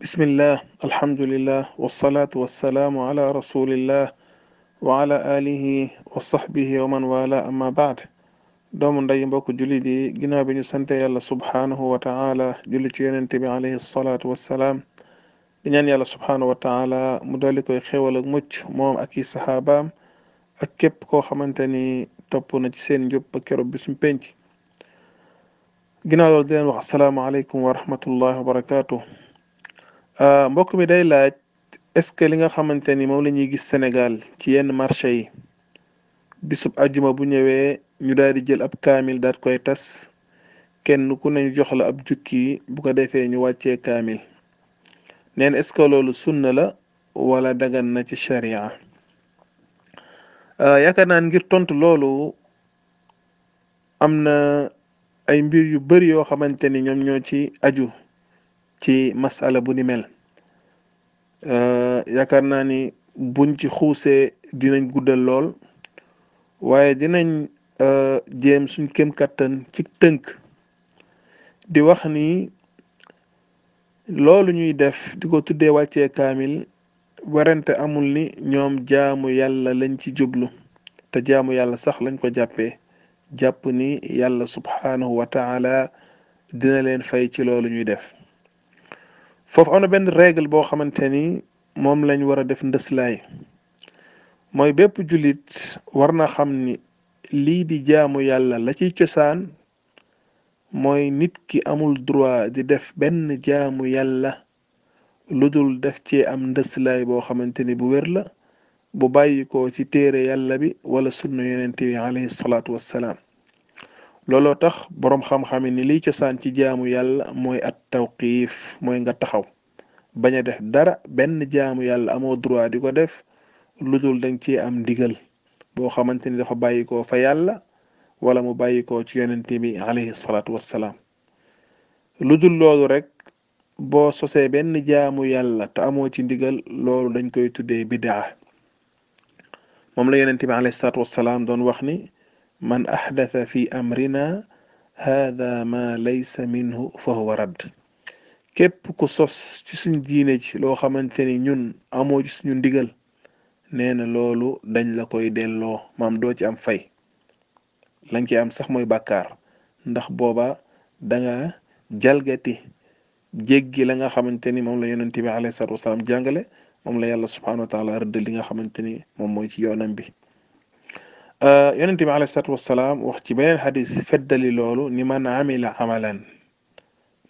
bismillah alhamdulillah wasalaatu wasalaamu ala rasulillah wa ala alihi wa sahbihi wa man wala amma baad doomu nday mbokk jullit yi ginnaaw bi ñu sante yàlla subhaanahu wa taala julli ci yonente bi alayhi salaatu wassalaam di ñaan yàlla subhaanahu wa taala mu dolli koy xéewal ak mucc moom ak i saxaabaam ak képp koo xamante ni topp na ci seen njub ba keroog bi suñ penc ginnaaw loolu di leen wax assalaamu aleykum wa rahmatullahi wa barakatuh Euh, mbokk mi day laaj est-ce que li nga xamante ni moom la ñuy gis Sénégal ci yenn marché yi bisub ajuma bu ñëwee ñu daal di jël ab kaamil daat koy tas kenn ku nañu jox la ab jukki bu ko defee ñu wàccee kaamil neen est-ce loolu sunna la wala dagan na ci sharia euh, yaakaar naan ngir tontu loolu am na ay mbir yu bari yoo xamante ni ñoom ñoo ci aju ci masala bu ni mel eh, yaakaar naa ni buñ ci xuusee dinañ guddal lool waaye dinañ eh, jéem suñ kem kattan ci tënk di wax ni loolu ñuy def di ko tuddee wàccee kaamil warante amul ni ñoom jaamu yàlla lañ ci jublu te jaamu yàlla sax lañ ko jàppee jàpp ni yàlla subhaanahu wa dina leen fay ci loolu ñuy def foofu am benn régle boo xamante ni moom lañ war a def ndëslaay mooy bépp jullit war na xam ni lii di jaamu yàlla la ciy cosaan mooy nit ki amul droit di def benn jaamu yàlla lu dul def ci am ndëslaay boo xamante ni bu wér la bu bàyyi ko ci téere yàlla bi wala sunna yonente bi alayhi salaatu wassalaam looloo tax boroom xam-xam ni liy cosaan ci jaamu yàlla mooy at tawqiif mooy nga taxaw bañ a def dara benn jaamu yàlla amoo droit di ko def lu dul dañ ci am ndigal boo xamante ni dafa bàyyi fa yàlla wala mu bàyyi koo ci yonente bi alayhi salaatu wassalaam lu dul loolu rek boo sosee benn jaamu yàlla te amoo ci ndigal loolu dañ koy tuddee bidaa moom la yonente bi alayhi salaatu wassalaam doon wax ni man axdata fi amrina hada ma laysa minhu fa huwa radd képp ku sos ci suñ diine ji loo xamante ni ñun amoo ci suñu ndigal nee na loolu dañ la koy delloo maam doo ci am fay lañ ci am sax mooy bakkaar ndax booba danga jalgati jéggi la nga xamante ni moom la yonent bi alayhi salaatu wasalaam jàngale moom la yàlla subhanahu wa taala rëdd li nga xamante ni moom mooy ci yoonam bi yonente bi alayhi salaatu wasalaam wax ci beneen xadis feddali loolu ni man amila amalan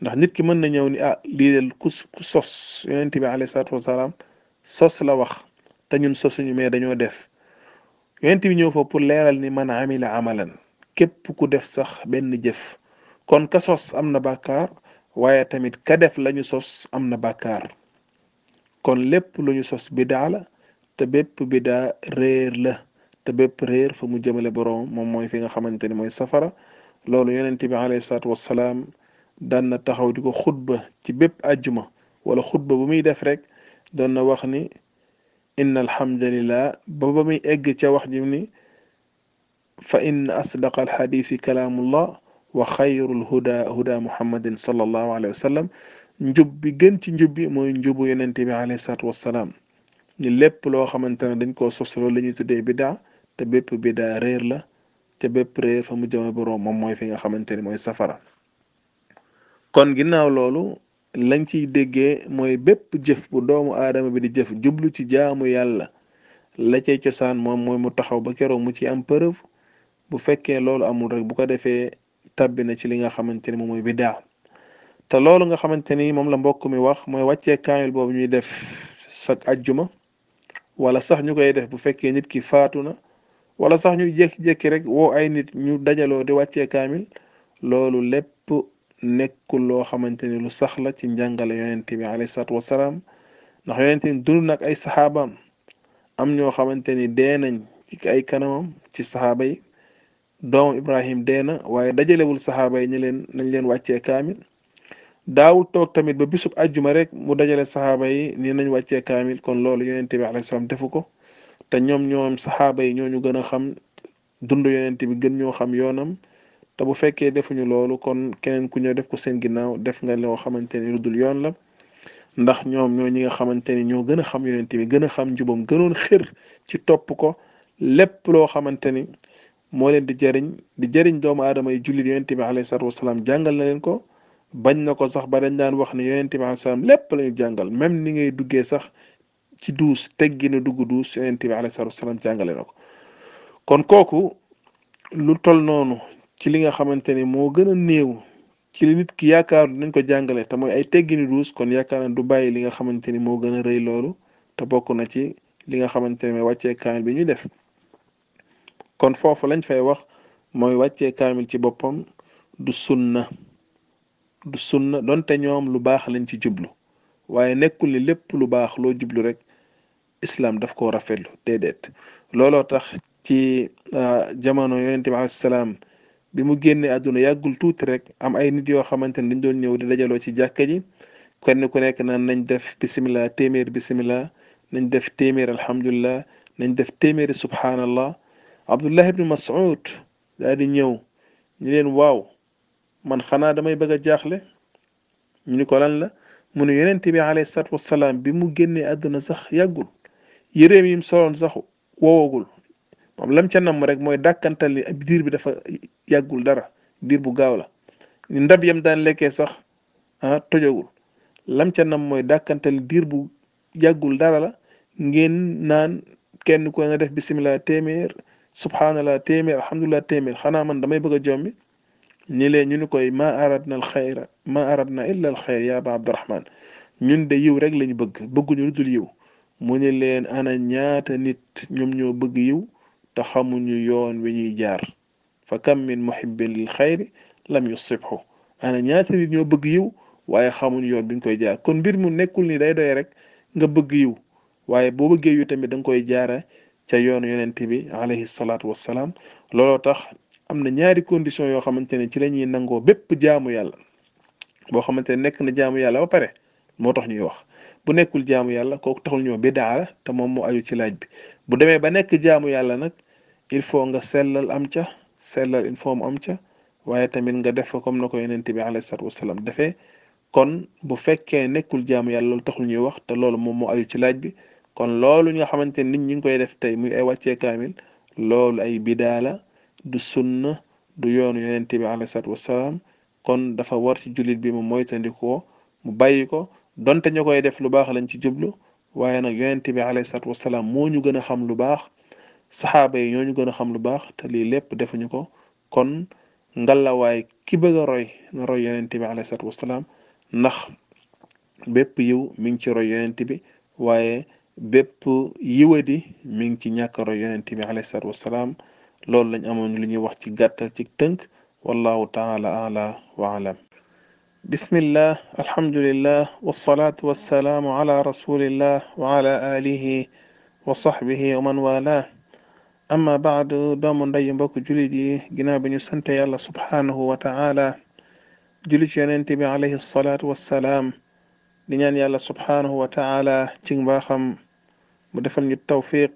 ndax nit ki mën na ñëw ni ah lii del ku sos yonente bi alayhi salaatu wasalaam sos la wax te ñun sosuñu mais dañoo def yonente bi ñëw fa pour leeral ni man amila amalan képp ku def sax benn jëf kon ka sos am na bàkkaar waaye tamit ka def la sos am na bàkkaar kon lépp lu sos bidaa la te bépp bidaa réer la te bépp réer fa mu jëmale boroom moom mooy fi nga xamante ni mooy safara loolu yonent bi alayhi salaatu wassalaam daan na taxaw di ko xutba ci bépp ajjuma wala xutba bu muy def rek doon na wax ni inna alhamdulillah baba muy egg ca wax ji ni fa inna asdaqa alxadiisi kalaamullah wa xayrul huda huda muhammadin sallallahu wa sallam njub bi gën ci njub bi mooy njubu yonent bi alayhi salaatu wassalaam ni lépp loo xamante ne dañ ko sos loolu la ñuy tuddee bidaa te bépp bidaa réer la te bépp réer fa mu jëme boroom moom mooy fi nga xamante ni mooy safara kon ginnaaw loolu lañ ciy déggee mooy bépp jëf bu doomu aadama bi di jëf jublu ci jaamu yàlla la cay cosaan moom mooy mu taxaw ba keroog mu ci am preuve bu fekkee loolu amul rek bu ko defee tabbi na ci li nga xamante ni moom mooy bidaa te loolu nga xamante ni moom la mbokk mi wax mooy wàccee kaamil boobu ñuy def sak ajjuma wala sax ñu koy def bu fekkee nit ki faatu na wala sax ñu jékki rek woo ay nit ñu dajaloo di wàccee kaamil loolu lépp nekkul loo xamante ni lu sax la ci njàngale yonent bi alayhi salaatu wasalaam ndax yonent bi nag ay saxaabaam am ñoo xamante ni dee nañ ay kanamam ci saxaaba yi doomu Ibrahim dee na waaye dajalewul saxaaba yi ñu leen nañ leen wàccee kaamil daawul toog tamit ba bisub àjjuma rek mu dajale saxaaba yi ni nañ wàccee kaamil kon loolu yonent bi alayhi salaam defu ko. te ñoom ñoom saxaaba yi ñooñu gën a xam dund yonent bi gën ñoo xam yoonam te bu fekkee defuñu loolu kon keneen ku ñëw def ko seen ginnaaw def nga loo xamante ni lu dul yoon la ndax ñoom ñoo ñi nga xamante ni ñoo gën a xam yonent bi gën a xam njubam gënoon xir ci topp ko lépp loo xamante ni moo leen di jëriñ di jëriñ doomu aadama yi jullit yonent bi alayhi salaatu wasalaam jàngal na leen ko bañ na ko sax ba dañ daan wax ne yonent bi lépp lañu jàngal même ni ngay duggee sax ci duus teggina dugg duus yonent bi alayhi salaatu wasalaam jàngale na ko kon kooku lu tol noonu ci li nga xamante ne moo gën a néew ci li nit ki yaakaar nañ ko jàngale ta mooy ay teggini duus kon yaakaar na du bàyyi li nga xamante ni moo gën a rëy te bokk na ci li nga xamante ne mooy wàccee kaamil bi ñuy def kon foofu lañ fay wax mooy wàccee kaamil ci boppam du sunna du sunna donte ñoom lu baax lañ ci jublu waaye nekkul ni lépp lu baax loo jublu rek islam daf koo rafetlu déedéet looloo tax ci euh, jamono yonent bi alayhi salaam bi mu génnee àdduna yàggul tuuti rek am ay nit yoo xamante ne dañ doon ñëw di dajaloo ci jàkka ji kenn ku nekk naan nañ def bisimilah téeméer bisimilah nañ def téeméer alhamdulilah nañ def téeméeri subhanallah abdullah ibni mas'ud daal di ñëw ñu leen waaw man xanaa damay bëgg a jaaxle mu ni ko lan la mu ne yonent bi alayhi salaatu wassalaam bi mu génnee àdduna sax yàggul yëreem yim soloon sax wowagul moom lam ca namm rek mooy dàkkantal ni diir bi dafa yàggul dara diir bu gaaw la ni ndab yam daan lekkee sax ah tojagul lam ca nam mooy dàkkantal diir bu yàggul dara la ngin naan kenn ko na def bisimilah téeméer subhanallah téeméer alhamdulilah téeméer xanaa man damay bëgg a jombi ñi leen ñu ni koy ma aradna al xayra ma aradna illa al ya ba abdurahman ñun de rek lañu bëgg bëgguñu lu dul mune ni leen ana ñaata nit ñoom ñoo bëgg yiw te xamuñu yoon wi ñuy jaar fa kam min muhibbin lil xayri lam yusibhu ana ñaata nit ñoo bëgg yiw waaye xamuñu yoon bi ñu koy jaar kon mbir mu nekkul ni day doy rek nga bëgg yiw waaye boo bëggee yu tamit da koy jaara ca yoonu yonent bi alayhi salaatu wassalaam looloo tax am na ñaari condition yoo xamante ne ci la ñuy nangoo bépp jaamu yàlla boo xamante ne nekk na jaamu yàlla ba pare moo tax ñuy wax bu nekkul jaamu yàlla kooku taxul ñoo bidaa la te moom moo aju ci laaj bi bu demee ba nekk jaamu yàlla nag il faut nga sellal am ca sellal il faut mu am ca waaye tamit nga def ko comme na ko yonent bi alayhi salaatu wasalaam defee kon bu fekkee nekkul jaamu yàlla taxul ñuy wax te loolu moom moo aju ci laaj bi kon loolu nga xamante nit ñu ngi koy def tey muy ay wàccee kaamil loolu ay bidaala du sunna du yoonu yonent bi alayhi salaatu wasalaam kon dafa war ci jullit bi mu moytandikoo mu bàyyi ko donte ñu koy def lu baax lañ ci jublu waaye nag yonent bi alayhi salaatu wasalaam moo ñu gën a xam lu baax saxaaba yi ñoo ñu gën a xam lu baax te lii lépp defuñu ko kon ngalawaay ki bëgg a roy na roy yonent bi alayhi salaatu ndax bépp yiw mi ngi ci roy yonent bi waaye bépp yiwadi mi ngi ci ñàkk roy yonent bi alayhi loolu lañ amoon lu ñuy wax ci gàttal ci tënk wallahu taala ala wa alam بسم الله الحمد لله والصلاة والسلام على رسول الله وعلى آله وصحبه ومن والاه أما بعد دومن داي مبوك جلدي جناب يسنت الله سبحانه وتعالى جلدي ينتبه عليه الصلاة والسلام لنان الله سبحانه وتعالى تنبا خم مدفن التوفيق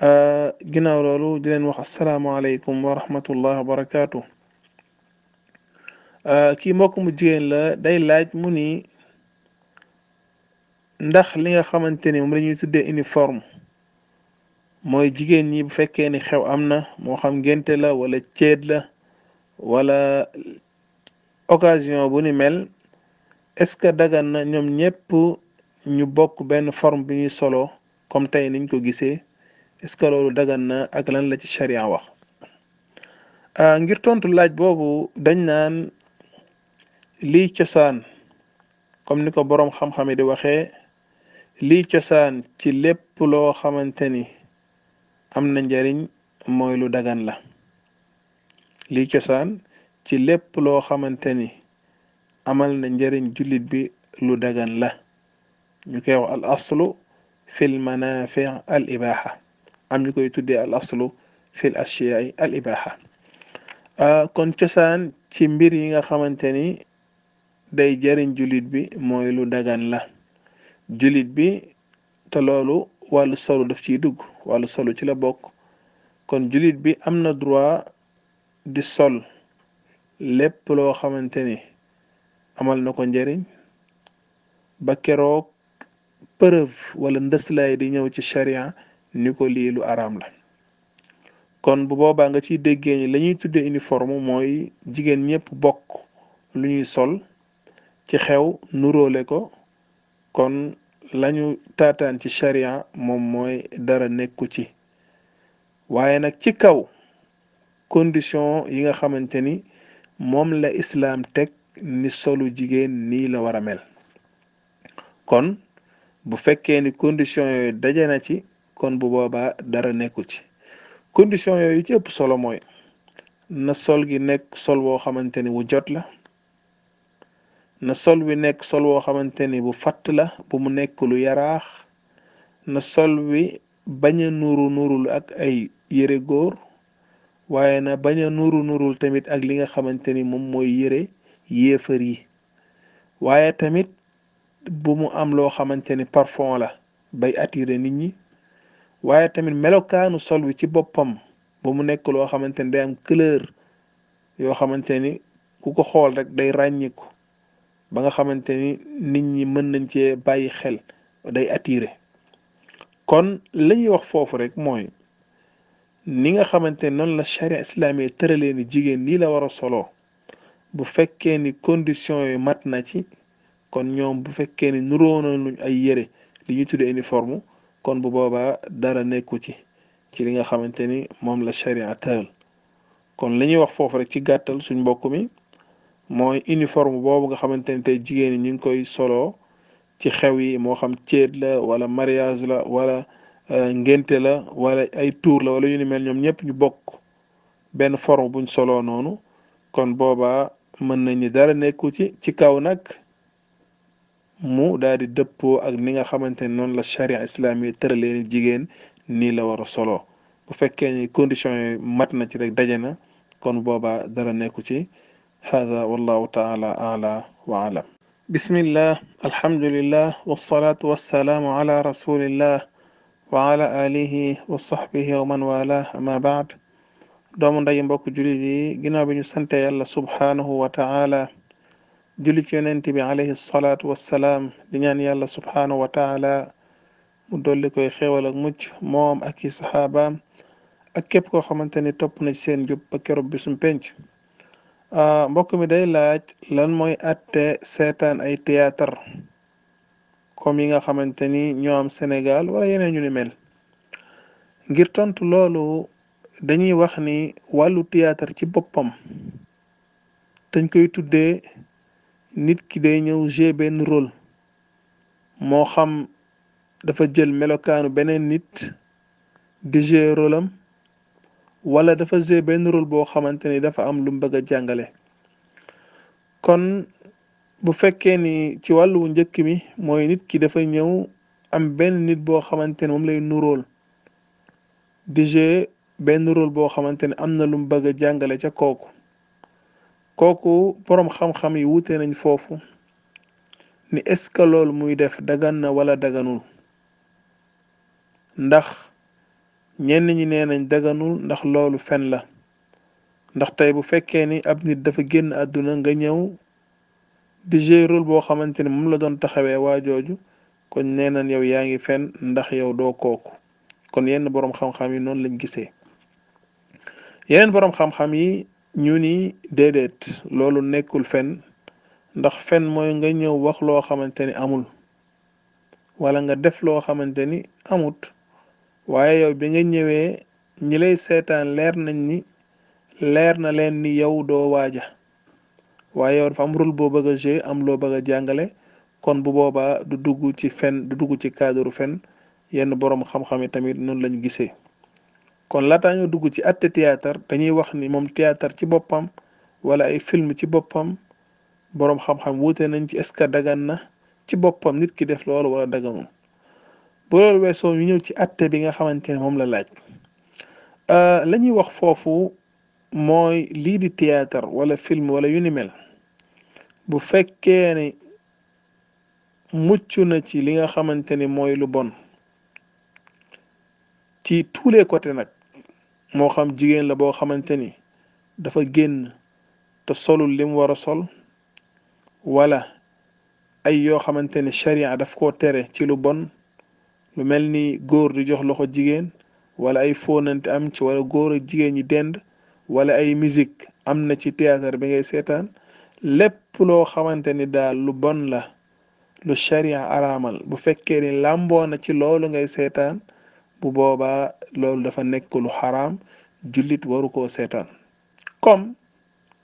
أه جناب لولو السلام عليكم ورحمة الله وبركاته Euh, kii mbokk mu jigéen la day laaj mu ni ndax li nga xamante ni moom la ñuy tuddee uniforme mooy jigéen ñi bu fekkee ni xew am na moo xam ngénte la wala ceet la wala occasion bu ni mel est-ce que dagan na ñoom ñëpp ñu bokk benn forme bi ñuy solo comme tey niñ ko gisee est-ce loolu dagan na ak lan la ci charia wax euh, ngir tontu laaj boobu dañ naan lii cosaan comme ni ko boroom xam-xam yi di waxee lii cosaan ci lépp loo xamante ni am na njariñ mooy lu dagan la lii cosaan ci lépp loo xamante ni amal na njariñ jullit bi lu dagan la ñu koy al aslu fil manafi al ibaha am ñu koy tuddee al aslu fil ashiya'i al ibaha ah, kon cosaan ci mbir nga xamante day jariñ julit bi mooy lu dagan la julit bi te loolu wàllu solu daf ciy dugg wàllu solu ci la bokk kon julit bi am na droit di sol lépp loo xamante ni amal na ko njariñ ba keroog preuve wala ndëslaay di ñëw ci charia ni ko lii lu araam la kon bu boobaa nga ciy déggee ñi lañuy ñuy tuddee uniforme mooy jigéen ñëpp bokk lu ñuy sol ci xew nuróole ko kon lañu taataan ci sharia moom mooy dara nekku ci waaye nag ci kaw condition yi nga xamante ni moom la islaam teg ni solu jigéen nii la war a mel kon bu fekkee ni condition yooyu daje na ci kon bu boobaa dara nekku ci condition yooyu ci ëpp solo mooy na sol gi nekk sol woo xamante ni wu jot la na sol wi nekk sol woo xamante ni bu fatt la bu mu nekk lu yaraax na sol wi bañ a nuru nurul ak ay yére góor waaye na bañ nuru nurul tamit ak li nga xamante ni moom mooy yére yéefar yi waaye tamit bu mu am loo xamante ni parfum la bay attiré nit ñi waaye tamit melokaanu sol wi ci boppam bu mu nekk loo xamante ni day am couleur yoo xamante ni ku ko xool rek day ràññiku ba nga xamante ni nit ñi mën nañ cee bàyyi xel day attire kon la ñuy wax foofu rek mooy ni nga xamante ne noonu la charia islamique tëralee ni jigéen nii la war a soloo bu fekkee ni condition yi mat na ci kon ñoom bu fekkee ni nuroo nañu ay yére li ñu tuddee uniforme kon bu boobaa dara nekku ci ci li nga xamante ni moom la charia tëral kon la ñuy wax foofu rek ci gàttal suñ mbokk mi mooy uniforme boobu nga xamante ne tey jigéen yi ñu ngi koy soloo ci xew yi moo xam céet la wala mariage la wala euh, ngénte la wala ay tuur la wala yu ni mel ñoom ñëpp ñu bokk benn forme buñ soloo noonu kon boobaa mën nañu dara nekku ci ci kaw nag mu daal di dëppoo ak ni nga xamante ne noonu la charia islamique tëralee ni jigéen nii la war a soloo bu fekkee ni condition yi mat na ci rek daje na kon boobaa dara nekku ci hada wallahu taala ala wa alam bismillah alhamdulillah wasalaatu wassalaamu ala rasulillah wa ala alihi wa sahbihi wa man wala ama baad doomu nday mbokk jullit yi ginnaaw bi ñu sante yàlla subhaanahu wa taala julli ci yonent bi alayhi salaatu wassalaam di ñaan yàlla subhaanahu wa taala mu dolli koy xéewal ak mucc moom ak i saxaabaam ak képp koo xamante ni topp na ci seen jub ba keroog bisum penc Ah, mbokk mi day laaj lan mooy atte seetaan ay théâtre kom yi nga xamante ni ñoo am Sénégal wala yeneen ñu ni ngir tontu loolu dañuy wax ni wàllu théâtre ci boppam dañ koy tuddee nit ki day ñëw jouer benn rôle moo xam dafa jël melokaanu beneen nit di jouer wala dafa jouer benn rôle boo xamante ni dafa am lu mu bëgg jàngale kon bu fekkee ni ci wàllu njëkk mi mooy nit ki dafa ñëw am benn nit boo xamante ni moom lay nuróol di jouer benn rôle boo xamante ni am na lu mu bëgg a jàngale ca kooku kooku boroom xam-xam yi wute nañ foofu ni est-ce que loolu muy def dagan na wala daganul ndax ñenn ñi nee nañ daganul ndax loolu fen la ndax tey bu fekkee ni ab nit dafa génn àdduna nga ñëw di jouer boo xamante ni moom la doon taxawee waa jooju kon nee nañ yow yaa ngi fen ndax yow doo kooku kon yenn boroom xam-xam yi noonu lañ gisee yeneen boroom xam-xam yi ñu ni déedéet loolu nekkul fen ndax fen mooy nga ñëw wax loo xamante ni amul walla nga def loo xamante ni amut waaye yow bi nga ñëwee ñi lay seetaan leer nañ ni leer na leen ni yow doo waaja waaye yow dafa am rôle boo bëgg a jouer am loo bëgg jàngale kon bu boobaa du dugg ci fen du dugg ci cadre fen yenn boroom xam-xam yi tamit noonu lañu gisee kon laataa ñu dugg ci atte théâtre dañuy wax ni moom théâtre ci boppam wala ay film ci boppam boroom xam-xam wuute nañ ci est-ce que dagan na ci boppam nit ki def loolu wala daganul bu loolu weesoo ñu ñëw ci atte bi nga xamante ne moom la laaj euh, la ñuy wax foofu mooy lii di théâtre wala film walla yu ni mel bu fekkee ne mucc na ci li nga xamante ne mooy lu bon ci tous les côtés nag moo xam jigéen la boo xamante ni dafa génn te solul lim war a sol wala ay yoo xamante ne charia daf ko tere ci lu bon lu mel ni góor di jox loxo jigéen wala ay fóonante am ci wala góor jigéen ñi dend wala ay musique am na ci théâtre bi ngay seetaan lépp loo xamante ni daal lu bon la lu sharia aramal bu fekkee ni làmboo na ci loolu ngay seetaan bu boobaa loolu dafa nekk lu xaraam jullit waru ko seetaan comme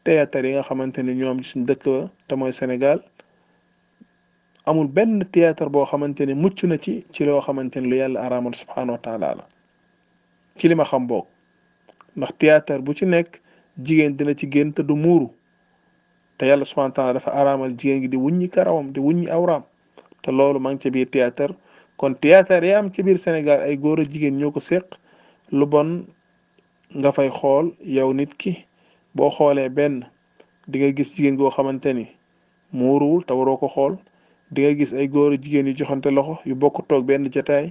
théâtre yi nga xamante ni ñoom suñ dëkk ba te mooy Sénégal amul benn théâtre boo xamante ne mucc na ci ci loo xamante ne lu yàlla araamal subhanahu wa taala ci lima xam boog ndax théâtre bu ci nekk jigéen dina ci génn te du muuru te yàlla subhanahu wa dafa araamal jigéen gi di wuññi karawam di wuññi awraam te loolu ma ngi ci biir théâtre kon théâtre yi am ci biir Sénégal ay góor a jigéen ñoo ko séq lu bon nga fay xool yow nit ki boo xoolee benn di nga gis jigéen goo xamante ni muuruwul te waroo ko xool di nga gis ay góor jigéen yu joxante loxo yu bokk toog benn jataay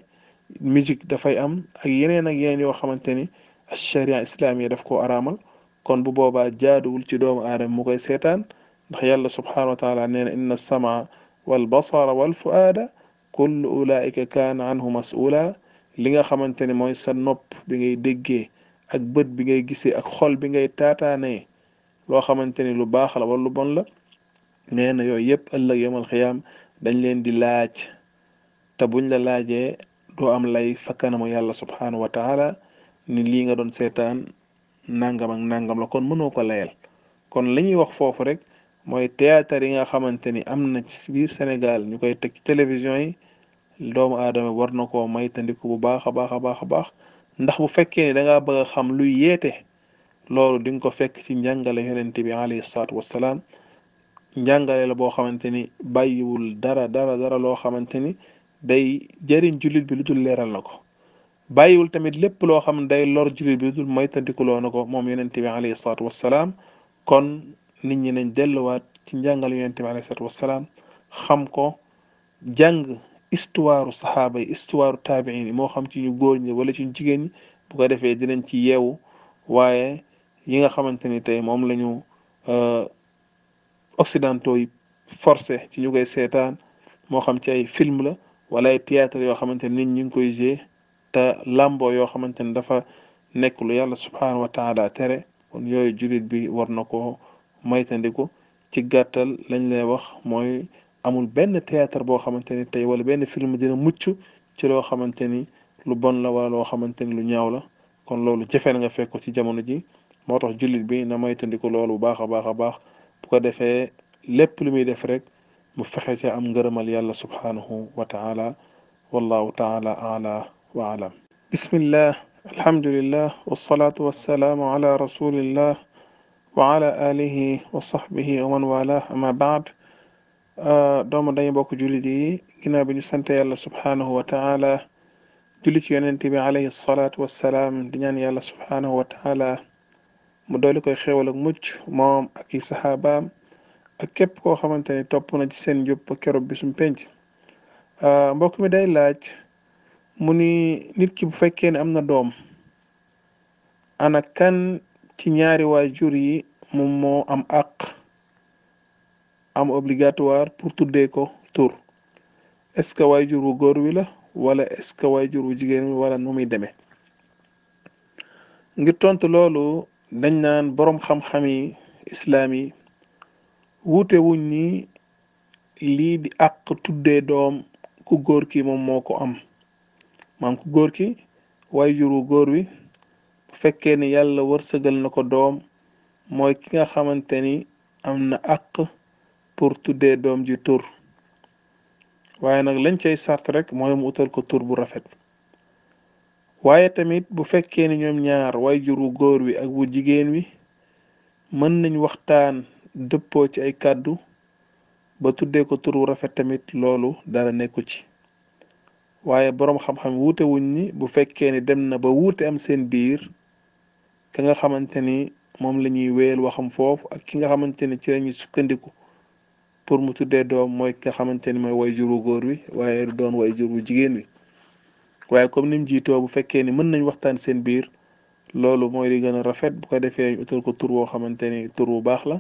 musique dafay am ak yeneen ak yeneen yoo xamante ni sharia islamiya daf koo araamal kon bu boobaa jaaduwul ci doomu aadama mu koy seetaan ndax yàlla subhanahu wa taala nee na inna samaa wal basara wal fuaada kullu ulaika kaana anhu masula li nga xamante ne mooy sa nopp bi ngay déggee ak bët bi ngay gisee ak xol bi ngay taataanee loo xamante ni lu baax la wala lu bon la nee na yooyu yëpp ëllëg yomal xiyaam dañ leen di laaj te buñ la laajee doo am lay fa kanamu yàlla subhaanahu wa taala ni lii nga doon seetaan nangam ak nangam la kon mënoo ko layal kon li ñuy wax foofu rek mooy théâtre yi nga xamante ni am na ci biir Sénégal ñu koy teg ci télévision yi doomu aadama war na koo maytandiku bu baax a baax a baax a baax ndax bu fekkee ni da ngaa bëgg a xam luy yeete loolu di nga ko fekk ci njàngale yonente bi alayhi salaatu wassalaam njàngale la boo xamante ni bàyyiwul dara dara dara loo xamante ni day jëriñ jullit bi lu dul leeral na ko bàyyiwul tamit lépp loo xam ne day lor jullit bi lu dul moytandikuloo na ko moom yonent bi alayhi salaatu wassalaam kon nit ñi nañ delluwaat ci njàngale yonent bi alayhi salaatu wassalaam xam ko jàng histoire saxaaba yi histoire yi moo xam ci ñu góor ñi wala ci ñu jigéen ñi bu ko defee dinañ ci yeewu waaye yi nga xamante ni tey moom lañu euh, occidentaux yi forcé ci ñu koy seetaan moo xam ci ay film la wala ay théâtre yoo xamante ne nit ñi ngi koy jee te lambo yoo xamante ne dafa nekk lu yàlla subhaanahu wa taala tere kon yooyu julit bi war na ko moytandiku ci gàttal lañ lay wax mooy amul benn théâtre boo xamante ni tey wala benn film dina mucc ci loo xamante ni lu bon la wala loo xamante ni lu ñaaw la kon loolu jafee na nga fekk ci jamono ji moo tax jullit bi na moytandiku loolu bu baax a baax a baax bu ko defee lépp lu muy def rek mu fexe ci am ngërëmal yàlla subhanahu wa taala wallahu taala ala wa alam bismillah alhamdulillah wasalaatu wasalaamu ala rasulillah wa ala alihi wa sahbihi wa man wala ama baad doomu dañu bokk jullit yi ginnaaw bi ñu sante yàlla subhanahu wa taala julli ci yonent bi alayhi salaatu wasalaam di ñaan yàlla subhanahu wa taala mu dooli koy xéewal ak mucc moom ak i saxaabaam ak képp koo xamante ni topp na ci seen njub keroog bi suñ penc ah, mbokk mi day laaj mu ni nit ki bu fekkee ne am na doom ana kan ci ñaari waajur yi moom moo am àq am obligatoire pour tuddee ko tour est-ce que waajur wu góor wi la wala est-ce que waajur wu jigéen wi wala nu muy demee ngir tontu loolu dañ naan boroom xam-xami islaam yi wuute wuñ ni lii di àq tuddee doom ku góor ki moom moo ko am maam ku góor ki waaye juru góor wi bu fekkee ni yàlla wërsëgal na ko doom mooy ki nga xamante ni am na àq pour tuddee doom ji tur waaye nag lañ cay sart rek mooy mu utal ko tur bu rafet waaye tamit bu fekkee ne ñoom ñaar way juru góor wi ak wu jigéen wi mën nañ waxtaan dëppoo ci ay kàddu ba tuddee ko tur wu rafet tamit loolu dara nekku ci waaye boroom xam-xam wuute wuñ ni bu fekkee ni dem na ba wuute am seen biir ka nga xamante ni moom lañuy ñuy wéyal xam foofu ak ki nga xamante ni ci lañuy sukkandiku pour mu tuddee doom mooy ki nga xamante ni mooy way juru góor wi waaye doon way juru jigéen wi waaye comme ni mu jiitoo bu fekkee ni mën nañ waxtaan seen biir loolu mooy li gën a rafet bu ko defee ñu utal ko tur woo xamante ni tur bu baax la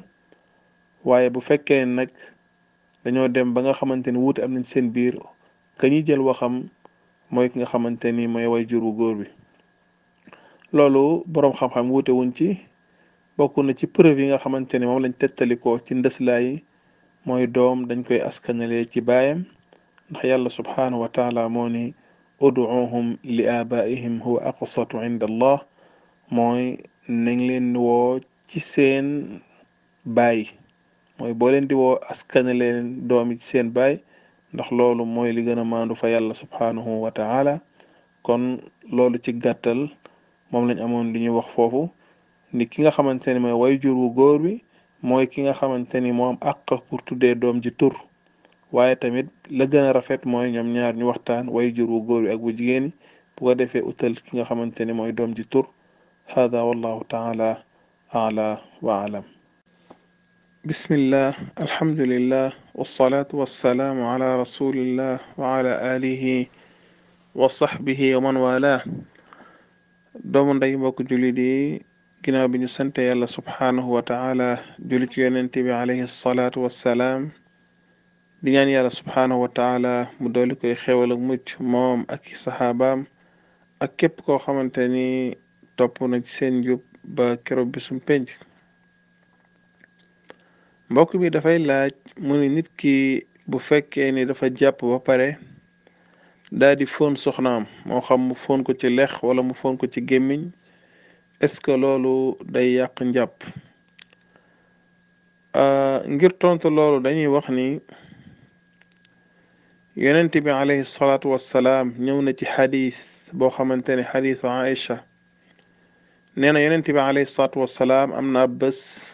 waaye bu fekkee nag dañoo dem ba nga xamante ni wuute am nañ seen biir ka ñuy jël waxam mooy ki nga xamante ni mooy way jur wu góor bi loolu boroom xam-xam wuute wuñ ci bokk na ci preuve yi nga xamante ni moom lañ tettalikoo ci ndëslaa yi mooy doom dañ koy askanalee ci baayam ndax yàlla subhaanahu wa taala moo ni uduuhum li abaihim huwa aqsatu inda allah mooy nañ leen woo ci seen baay mooy boo leen di woo askane leen doomi ci seen baay ndax loolu mooy li gën a maandu fa yàlla subhaanahu wa taala kon loolu ci gàttal moom lañ amoon li ñuy wax foofu ndi ki nga xamante ni mooy way jur wu góor wi mooy ki nga xamante ni moom àq pour tuddee doom ji tur waaye tamit la gën a rafet mooy ñoom ñaar ñu waxtaan way jur wu góor yi ak bu jigéen yi bu ko defee utal ki nga xamante ne mooy doom ji tur hada wallahu taala ala wa alam bismillah alhamdulillah wasalaatu wasalaamu ala rasulillah wa ala alihi wa sahbihi wa man wala doomu nday mbokk julli di ginnaaw bi ñu sante yàlla subhanahu wa taala julli ci yonente bi alayhi salaatu wassalaam di ñaan yàlla subhaanahu wa taala mu dooli koy xéewal ak mucc moom ak i saxaabaam ak képp koo xamante ni topp na ci seen njub ba kero bisum penc mbokk mi dafay laaj mu ni nit ki bu fekkee ni dafa jàpp ba pare daa di foon soxnaam moo xam mu foon ko ci lex wala mu foon ko ci gémmiñ est-ce que loolu day yàq njàpp ah, ngir tontu loolu dañuy wax ni يننت عليه الصلاة والسلام نونة حديث بو خمنتني حديث عائشة نينا يننت عليه الصلاة والسلام أمنا بس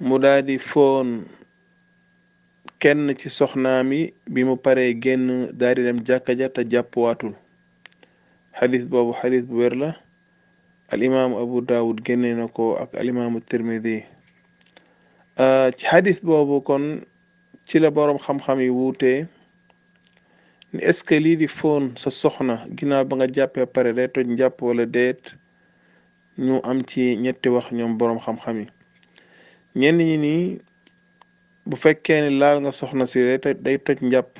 مدادي فون كن تي سخنامي بمو جن داري دم جاكا جاتا جاپواتو حديث بابو حديث بويرلا الإمام أبو داود جنينكو أك الإمام الترمذي أه حديث بابو كن ci la boroom xam-xam yi wuutee ni ce que lii di foon sa soxna ginnaaw ba nga jàppee pare day toj njàpp wala deet ñu am ci ñetti wax ñoom boroom xam-xam yi ñenn ñi nii bu fekkee ni laal nga soxna si toj njàpp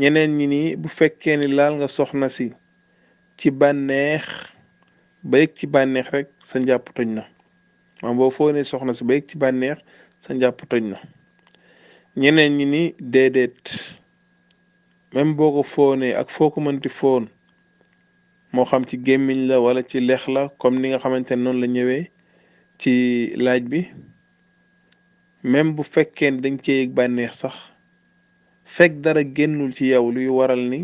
ñeneen ñi nii bu fekkee ni laal nga soxna si ci bànneex ba yëg ci bànneex rek sa njàpp toj na maanaam boo foo soxna si ba yëg ci bànneex sa njàpp toj na ñeneen ñi ni déedéet même boo ko foonee ak foo ko mënti foon moo xam ci gémmiñ la wala ci lex la comme ni nga xamante ne noonu la ñëwee ci laaj bi même bu fekkee ne dañ cee bànneex sax fekk dara génnul ci yow luy waral ni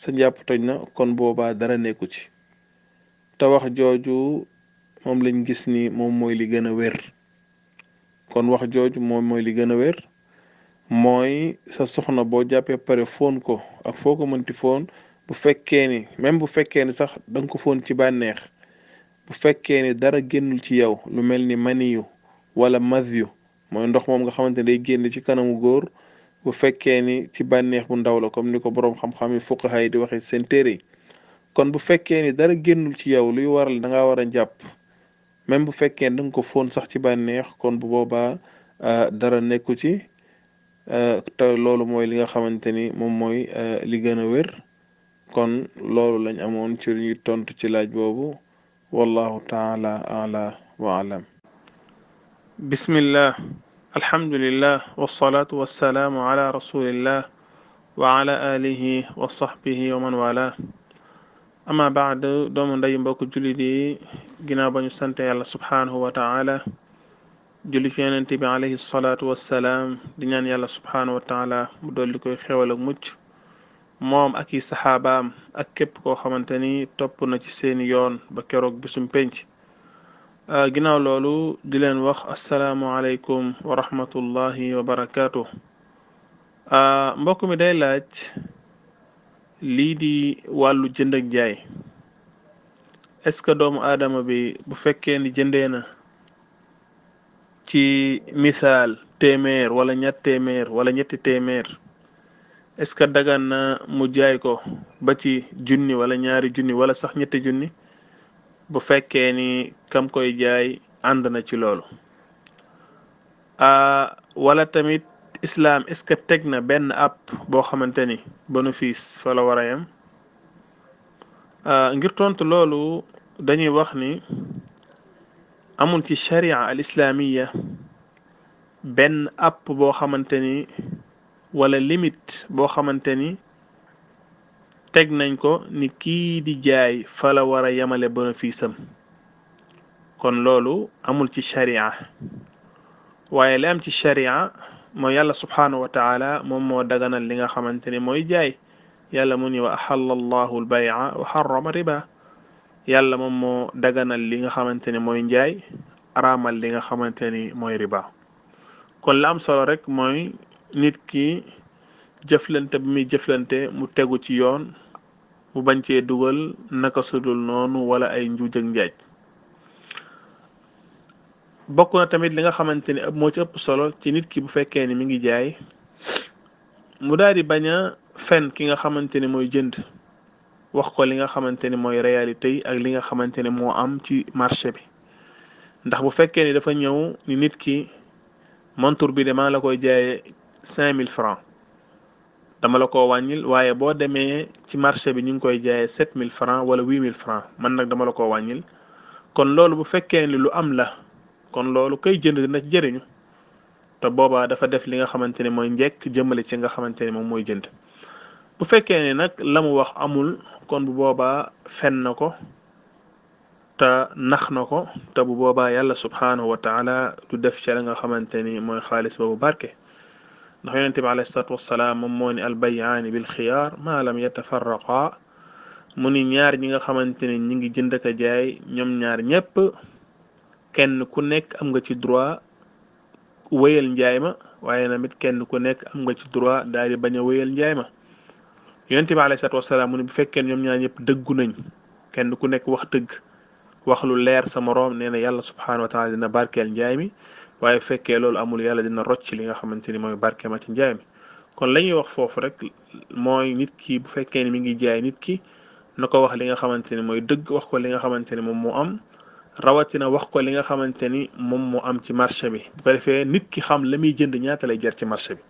sa njàpp toj na kon boobaa dara nekku ci te wax jooju moom lañ gis ni moom mooy li gën a wér kon wax jooju moom mooy li gën a wér mooy sa soxna boo jàppee pare foon ko ak foo ko mënti foon bu fekkee ni même bu fekkee ni sax da ko foon ci bànneex bu fekkee ni dara génnul ci yow lu mel ni maniyu wala mazyu mooy ndox moom nga xamante ne day génn ci kanamu góor bu fekkee ni ci bànneex bu ndaw la comme ni ko boroom xam-xam yi fuqaha yi di waxee seen téere kon bu fekkee ni dara génnul ci yow luy waral da ngaa war a jàpp même bu fekkee da nga ko fóon sax ci bànneex kon bu boobaa euh, dara nekku ci euh, loolu mooy li nga xamante ni moom mooy euh, li gën a wér kon loolu lañ amoon ci li ñuy tontu ci laaj boobu wallahu taala ala wa alam bismillah alhamdulillah wasalaatu wasalaamu ala rasulillah wa ala alihi wa sahbihi wa yi ginaaw bañu ñu sant yàlla subhaanahu wa ta'ala julli ci yonent bi alayhi salaatu wassalaam di ñaan yàlla subhaanahu wa mu dolli koy xewal ak mucc moom aki saxaabaam ak képp koo xamante ni topp na ci seeni yoon ba keroog bisum penc ah, ginnaaw loolu di leen wax asalaamualeykum wa rahmatullahi wa barakaatu. Ah, mbokk mi day laaj lii di wàllu jënd jaay est ce que doomu aadama bi bu fekkee ni jëndee na ci misaal téeméer wala ñett téeméer wala ñetti téeméer est ce que dagan na mu jaay ko ba ci junni wala ñaari junni wala sax ñetti junni bu fekkee ni kam koy jaay ànd na ci loolu wala tamit islam est ce que teg na benn app boo xamante ni bénéfice fa la war a ngir tontu loolu dañuy wax ni amul ci sharia al islamiya benn app boo xamante ni wala limite boo xamante ni teg nañ ko ni kii di jaay fa la war a yemale bénéfice am kon loolu amul ci sharia waaye li am ci sharia mooy yàlla subhanahu wa taala moom moo daganal li nga xamante ni mooy jaay yàlla mu ni wa axalla allahu lbaya wa xarama riba yàlla moom moo daganal li nga xamante ne mooy njaay araamal li nga xamante ni mooy riba kon la am solo rek mooy nit ki jëflante bi muy jëflante mu tegu ci yoon mu bañ cee dugal naka sudul noonu wala ay njuuj njaaj bokk na tamit li nga xamante ni moo ci ëpp solo ci nit ki bu fekkee ni mu ngi jaay mu daal di bañ a fen ki nga xamante ni mooy jënd wax ko li nga xamante ne mooy réalité yi ak li nga xamante ne moo am ci marché bi ndax bu fekkee ni dafa ñëw nit ki montur bi dama la koy jaaye cinq mille francs dama la ko wàññil waaye boo demee ci marché bi ñu ngi koy jaayee sept mille francs wala huit mille francs man nag dama la ko wàññil kon loolu bu fekkee ni lu am la kon loolu kay jënd dina jëriñu te boobaa dafa def li nga xamante ne mooy njekk jëmale ci nga xamante ne moom mooy jënd bu fekkee ni nag lamu wax amul kon bu boobaa fen na ko te nax na ko te bu boobaa yàlla subhaanahu wa taala du def ci nga xamante ni mooy xaalis bu barke ndax yonente bi alayhi salaatu moom moo ni albayaani bil xiyaar maa lam yatafarraqaa mu ni ñaar ñi nga xamante ni ñi ngi jënd ak a jaay ñoom ñaar ñëpp kenn ku nekk am nga ci droit wéyal njaay ma waaye namit kenn ku nekk am nga ci droit daal di bañ a wéyal njaay ma yonent bi alayhi salaatu wasalaam mu bu fekkee ñoom ñaar ñëpp dëggu nañ kenn ku nekk wax dëgg wax lu leer sa moroom nee na yàlla subhaanahu wa taala barkeel njaay mi waaye fekkee loolu amul yàlla dina rocc li nga xamante ni mooy barke ma ci njaay mi kon la ñuy wax foofu rek mooy nit ki bu fekkee ni mi ngi jaay nit ki na ko wax li nga xamante ni mooy dëgg wax ko li nga xamante ni moom mu am rawatina wax ko li nga xamante ni moom mu am ci marché bi bu ko nit ki xam la muy jënd ñaata lay jar ci marché bi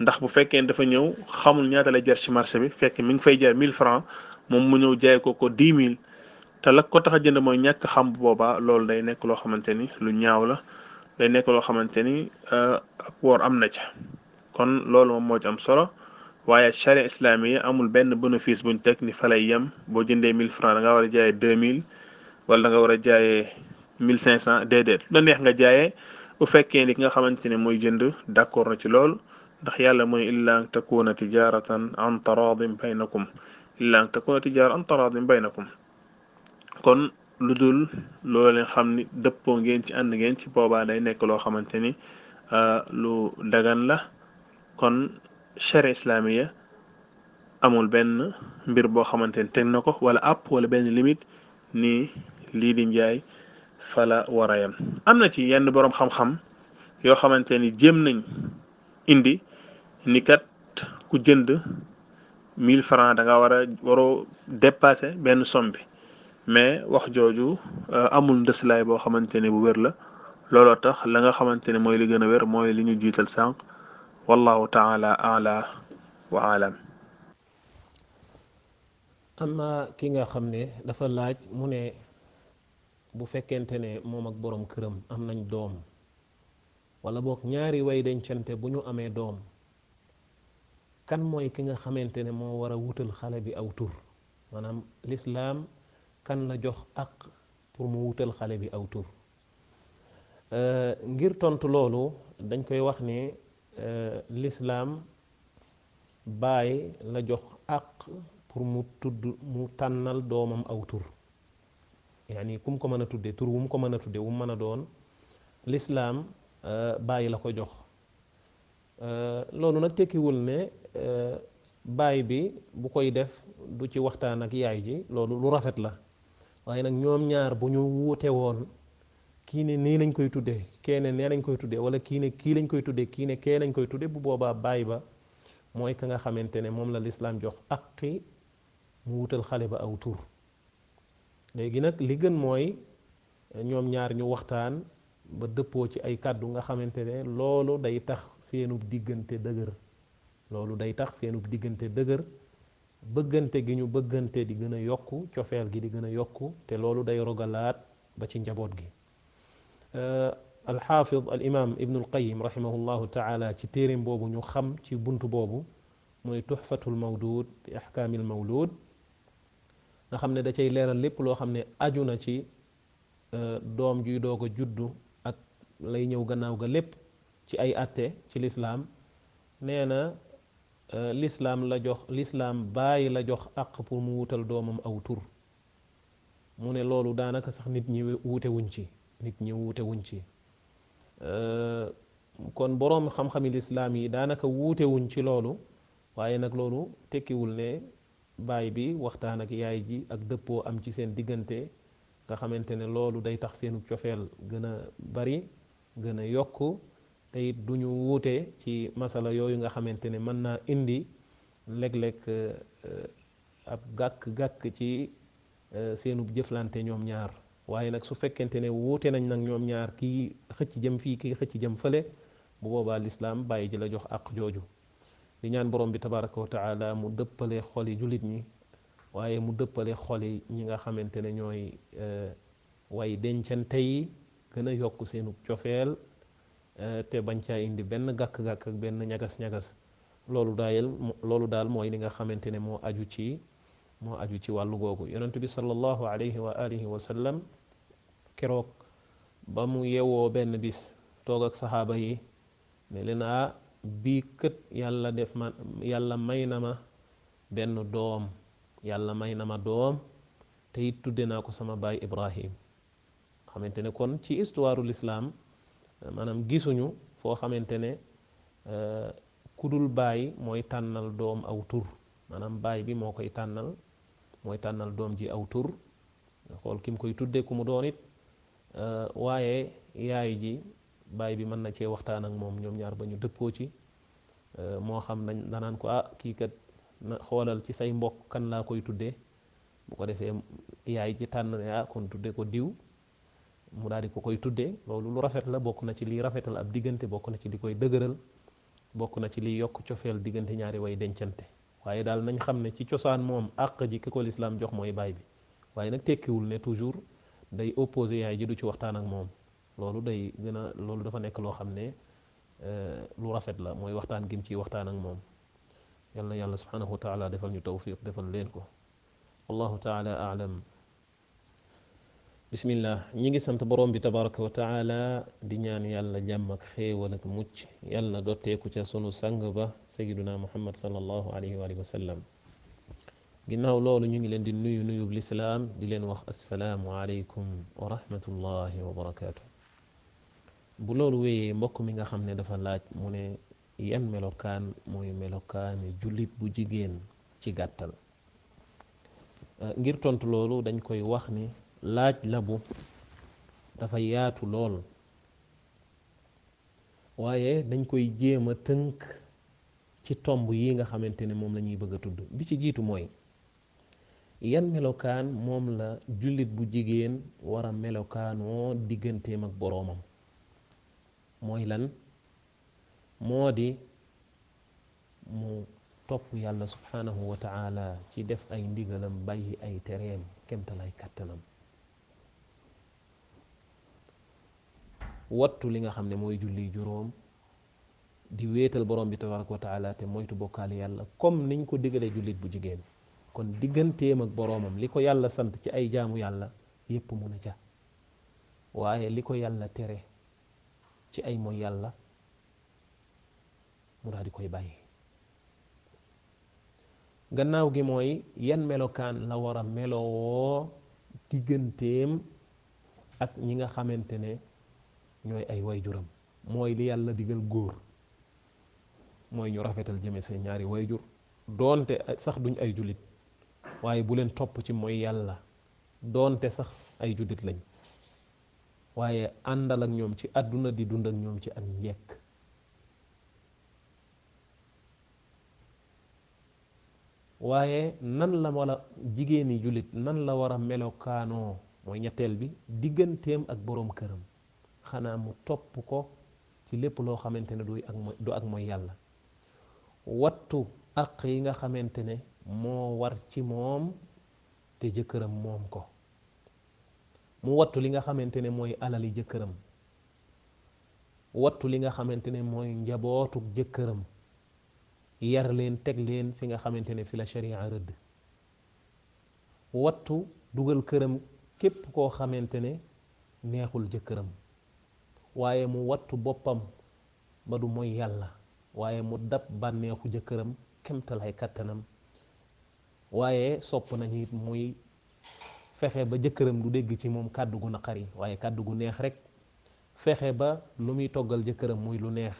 ndax bu fekkee dafa ñëw xamul ñaata lay jar ci marché bi fekk mi ngi fay jar 1000 francs moom mu ñëw jaay ko ko 10 mille te la ko tax a jënd mooy ñàkk xam bu boobaa loolu day nekk loo xamante ni lu ñaaw la day nekk loo xamante ni euh, ak woor am na ca kon loolu moom moo ci am solo waaye charia islamiya amul benn bénéfice buñ teg ni fa lay yem boo jëndee 1000 francs da nga war a jaayee 2000 wala da nga war a jaayee 1500 déedéet lu neex nga jaayee bu fekkee ni ki nga xamante ne mooy jënd d'accord na ci loolu. ndax yàlla mooy illa an takuna tijaratan an taradin baynakum illa an takuna tijaara an taradin baynakum kon lu dul loo xam ni dëppoo ngeen ci ànd ngeen ci boobaa day nekk loo xamante ni euh, lu dagan la kon charia islamiya amul benn mbir boo xamante ni teg na ko wala app wala benn limite ni lii di njaay fala war am na ci yenn boroom xam-xam yoo xamante ni jéem nañ indi ni kat ku jënd 1000 francs da nga war a waroo dépasser benn somme bi mais wax jooju euh, amul ndëslaay boo xamante ne bu wér la looloo tax la nga xamante ne mooy li gën a wér mooy li ñu jiital sànq wallahu taala ala wa alam na ki nga xam ne dafa laaj mu ne bu fekkente ne moom ak boroom këram am nañ doom wala boog ñaari way dencante bu ñu amee doom kan mooy ki nga xamante ne moo war a wutal xale bi aw tur maanaam lislaam kan la jox ak pour mu wutal xale bi aw tur ngir tontu loolu dañ koy wax ne lislaam baay la jox ak pour mu tudd mu tànnal doomam aw tur yaani ku mu ko mën a tudde tur wu mu ko mën a tudde wu mu mën a doon lislaam baay la ko jox loolu nag tekkiwul ne Euh, baay bi bu koy def du ci waxtaan ak yaay ji loolu lu rafet la waaye nag ñoom ñaar bu ñu wuute woon kii ne nii lañ koy tuddee kee ne nee lañ koy tuddee wala kii ne kii lañ koy tuddee kii ne kee lañ koy tuddee bu boobaa baay ba mooy ka nga xamante ne moom la lislaam jox aqi mu wutal xale ba aw tur léegi nag li gën mooy ñoom ñaar ñu waxtaan ba dëppoo ci ay kàddu nga xamante ne loolu day tax seenub diggante dëgër loolu day tax seenu diggante dëgër bëggante gi ñu bëggante di gën a yokk cofeel gi di gën a yokk te loolu day rogalaat ba ci njaboot gi euh, alxaafid al ibnul qayim rahimahullahu taala ci téeréem boobu ñu xam ci bunt boobu mooy tuxfatul mawduud bi axkaamil mawluud nga xam ne da leeral lépp loo xam ne aju na ci euh, doom juy doog a juddu ak lay ñëw gannaaw ga lépp ci ay àtte ci lislaam nee Euh, lislaam la jox lislaam bàyyi la jox àq pour mu wutal doomam aw tur mu ne loolu daanaka sax nit ñi wuute ci nit ñi wuute wuñ ci euh, kon boroom xam-xami lislaam yi daanaka wuute wuñ ci loolu waaye nag loolu tekkiwul ne baay bi waxtaan ak yaay ji ak dëppoo am ci seen diggante nga xamante ne loolu day tax seenu cofeel gën a bari gën a yokk te it du wuute ci masala yooyu nga xamante ne mën naa indi léeg-léeg euh, ab gàkk-gàkk ci euh, seenub jëflante ñoom ñaar waaye nag su fekkente ne wuute nañ nag ñoom ñaar kii xëcc jëm fii kii xëcc jëm fële bu boobaa lislaam bàyyi ji la jox àq jooju di ñaan borom bi tabaraka wa taala mu dëppale xoli jullit ñi waaye mu dëppale xoli ñi nga xamante ne ñooy euh, way dencante yi gën a yokk seenu cofeel Euh, te bañ caa indi benn gàkk-gàkk ak benn ñagas-ñagas loolu daayel loolu daal mooy li nga xamante ne moo aju ci moo aju ci wàllu googu yonent bi sallallahu alayhi wa alihi wa sallam keroog ba mu yewoo benn bis toog ak saxaaba yi ne leen a ah, bii kët yàlla def ma yàlla may na ma benn doom yàlla may na ma doom te it tudde naa ko sama baay Ibrahim xamante kon ci histoire l'islam manam gisuñu foo xamante ne euh, kudul bàyyi mooy tànnal doom aw tur maanaam bàyyi bi moo koy tànnal mooy tànnal doom ji aw tur xool kim koy tudde ku mu doon it euh, waaye yaay ji bàyyi bi mën na cee waxtaan ak moom ñoom ñaar ba ñu dëppoo ci euh, moo xam nañ danaan ko ah kii kat xoolal ci say mbokk kan laa koy tudde bu ko defee yaay ji tànn ne ah kon tudde ko diw mu daal di ko koy tuddee loolu lu rafet la bokk na ci liy rafetal ab diggante bokk na ci li koy dëgëral bokk na ci liy yokk cofeel diggante ñaari way dencante waaye daal nañ xam ne ci cosaan moom àq ji ki ko lislaam jox mooy baay bi waaye nag tekkiwul ne toujours day opposé yaay ji du ci waxtaan ak moom loolu day gën a loolu dafa nekk loo xam ne euh, lu rafet la mooy waxtaan gim ciy waxtaan ak moom yal na yàlla subhanahu wa taala defal ñu tawfiq defal leen ko بسم الله نيغي سانت بروم بي تبارك وتعالى دي نيان يالا جام اك خيوال اك موتش يالا دوتيكو تي سونو سانغ با سيدنا محمد صلى الله عليه واله وسلم غيناو لولو نيغي لين دي نويو نويو بالاسلام دي لين واخ السلام عليكم ورحمه الله وبركاته بو لولو وي مبوك ميغا خامني دا فا لاج موني يان ميلوكان موي ميلوكان جوليب بو جيجين تي غاتال ngir tontu loolu dañ koy wax ni laaj la bu dafa yaatu lool waaye dañ koy jéem a tënk ci tomb yi nga xamante ne moom lañuy bëgg a tudd bi ci jiitu mooy yan melokaan moom la jullit bu jigéen war a melokaanoo digganteem ak boroomam mooy lan moo di mu topp yàlla subhanahu wa ci def ay ndigalam bàyyi ay tereem ay kàttanam wattu li nga xam ne mooy julli juróom di wéetal borom bi tabaraka wa taala te moytu bokkaale yàlla comme niñ ko digalee jullit bu jigéen kon digganteem ak boroomam li ko yàlla sant ci ay jaamu yàlla yépp mu na ca waaye li ko yàlla tere ci ay mooy yàlla mu daal di koy bàyyi gannaaw gi mooy yan melokaan la war a melowoo ak ñi nga xamante ñooy ay wayjuram mooy li yàlla digal góor mooy ñu rafetal jëme seen ñaari wayjur doonte sax duñ ay jullit waaye bu leen topp ci mooy yàlla doonte sax ay jullit lañ waaye àndal ak ñoom ci àdduna di dund ak ñoom ci ak njekk waaye nan la wala jigéeni jullit nan la war a melokaanoo mooy ñetteel bi digganteem ak boroom këram xanaa mu topp ko ci lépp loo xamante ne du ak mooy yàlla wattu ak yi nga xamante ne moo war ci moom te jëkkëram moom ko mu wattu li nga xamante ne mooy alali jëkkëram wattu li nga xamante ne mooy njabootu jëkkëram yar leen teg leen fi nga xamante ne fi la sharia rëdd wattu dugal këram képp koo xamante ne neexul jëkkëram waaye mu wattu boppam ba du mooy yàlla waaye mu dab bànneexu jëkkëram kemtalaay kàttanam waaye sopp nañu it muy fexe ba jëkkëram du dégg ci moom kàddu gu naqari waaye kàddu gu neex rek fexe ba lu muy toggal jëkkëram muy lu neex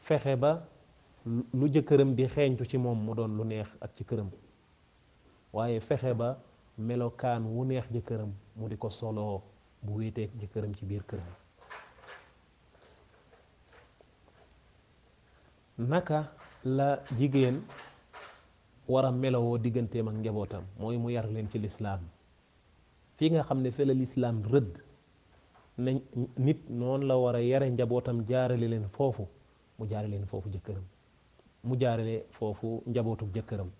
fexe ba lu jëkkëram di xeeñtu ci moom mu doon lu neex ak ci këram waaye fexe ba melokaan wu neex jëkkëram mu di ko soloo bu wéeteek jëkkëram ci biir këram naka la jigéen wara a melowoo digganteem ak njabootam mooy mu yar leen ci lislaam fii nga xam ne fee la lislaam rëdd ne nit noonu la war a yare njabootam jaarale leen foofu mu jaare leen foofu jëkkëram mu jaarale foofu njabootu jëkkëram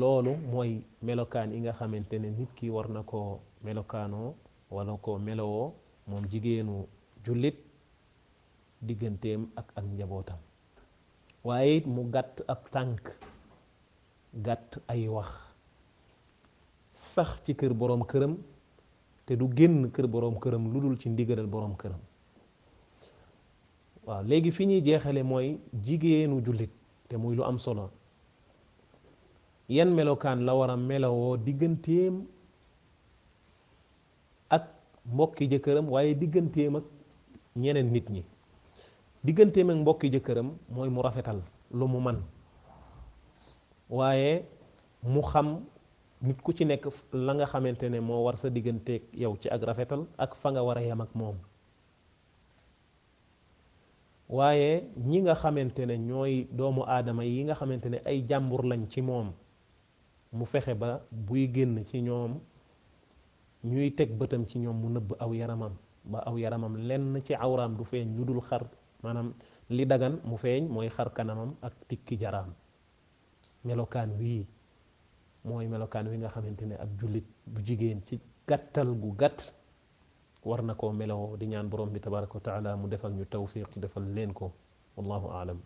loolu mooy melokaan yi nga xamante ne nit ki war na koo melokaanoo wala ko melowoo moom jigéenu jullit digganteem ak ak njabootam waaye mu gàtt ab tànk gàtt ay wax sax ci kër boroom këram te du génn kër boroom këram lu dul ci ndigalal boroom këram waaw léegi fi ñuy jeexale mooy jigéenu jullit te muy lu am solo yan melokaan la war a melowoo digganteem ak mbokki jëkkëram waaye digganteem ak ñeneen nit ñi digganteem ak mbokki jëkkëram mooy mu rafetal lu mu man waaye mu xam nit ku ci nekk la nga xamante ne moo war sa digganteeg yow ci ak rafetal ak fa nga war yam ak moom waaye ñi nga xamante ne ñooy doomu aadama yi nga xamante ne ay jàmbur lañ ci moom mu fexe ba buy génn ci ñoom ñuy teg bëtam ci ñoom mu nëbb aw yaramam ba aw yaramam lenn ci awraam du feeñ lu dul xar maanaam li dagan mu feeñ mooy xar kanamam ak tikki jaraam melokaan wii mooy melokaan wi nga xamante ne ab jullit bu jigéen ci gàttal gu gàtt war na ko meloo di ñaan borom bi tabaraka wa taala mu defal ñu tawfiq defal leen ko wallahu aalam